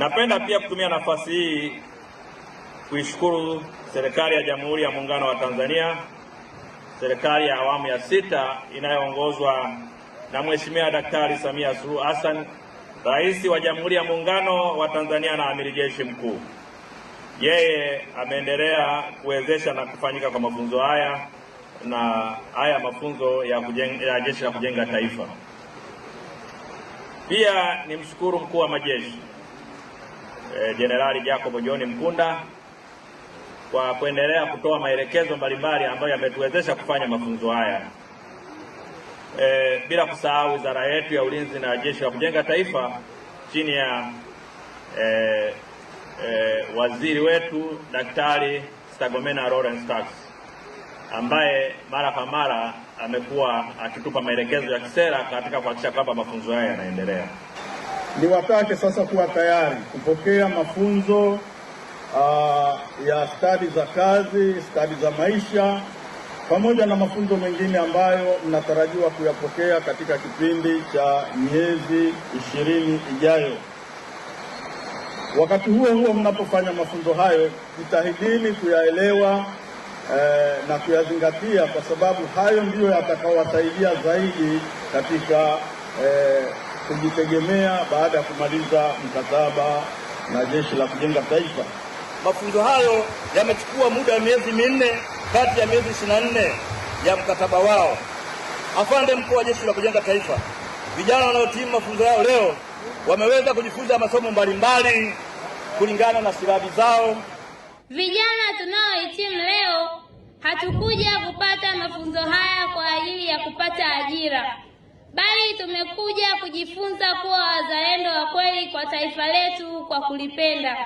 Napenda pia kutumia nafasi hii kuishukuru serikali ya Jamhuri ya Muungano wa Tanzania, serikali ya awamu ya sita inayoongozwa na Mheshimiwa Daktari Samia Suluhu Hassan, Rais wa Jamhuri ya Muungano wa Tanzania na Amiri Jeshi Mkuu. Yeye ameendelea kuwezesha na kufanyika kwa mafunzo haya na haya mafunzo ya, ya Jeshi la Kujenga Taifa. Pia nimshukuru mkuu wa majeshi Eh, Jenerali Jacob John Mkunda kwa kuendelea kutoa maelekezo mbalimbali ambayo yametuwezesha kufanya mafunzo haya. E, bila kusahau wizara yetu ya ulinzi na jeshi la kujenga taifa chini ya e, e, waziri wetu Daktari stagomena Lawrence Tax ambaye mara kwa mara amekuwa akitupa maelekezo ya kisera katika kuhakikisha kwamba mafunzo haya yanaendelea ni wakati sasa kuwa tayari kupokea mafunzo uh, ya stadi za kazi, stadi za maisha pamoja na mafunzo mengine ambayo mnatarajiwa kuyapokea katika kipindi cha miezi ishirini ijayo. Wakati huo huo, mnapofanya mafunzo hayo, jitahidini kuyaelewa eh, na kuyazingatia, kwa sababu hayo ndiyo yatakayowasaidia zaidi katika eh, kujitegemea baada ya kumaliza mkataba na Jeshi la Kujenga Taifa. Mafunzo hayo yamechukua muda wa miezi minne kati ya miezi 24 ya mkataba wao. Afande mkuu wa Jeshi la Kujenga Taifa, vijana wanaotimu mafunzo yao leo wameweza kujifunza masomo mbalimbali kulingana na silabi zao. Vijana tunaohitimu leo hatukuja kupata mafunzo haya kwa ajili ya kupata ajira bali tumekuja kujifunza kuwa wazalendo wa kweli kwa taifa letu kwa kulipenda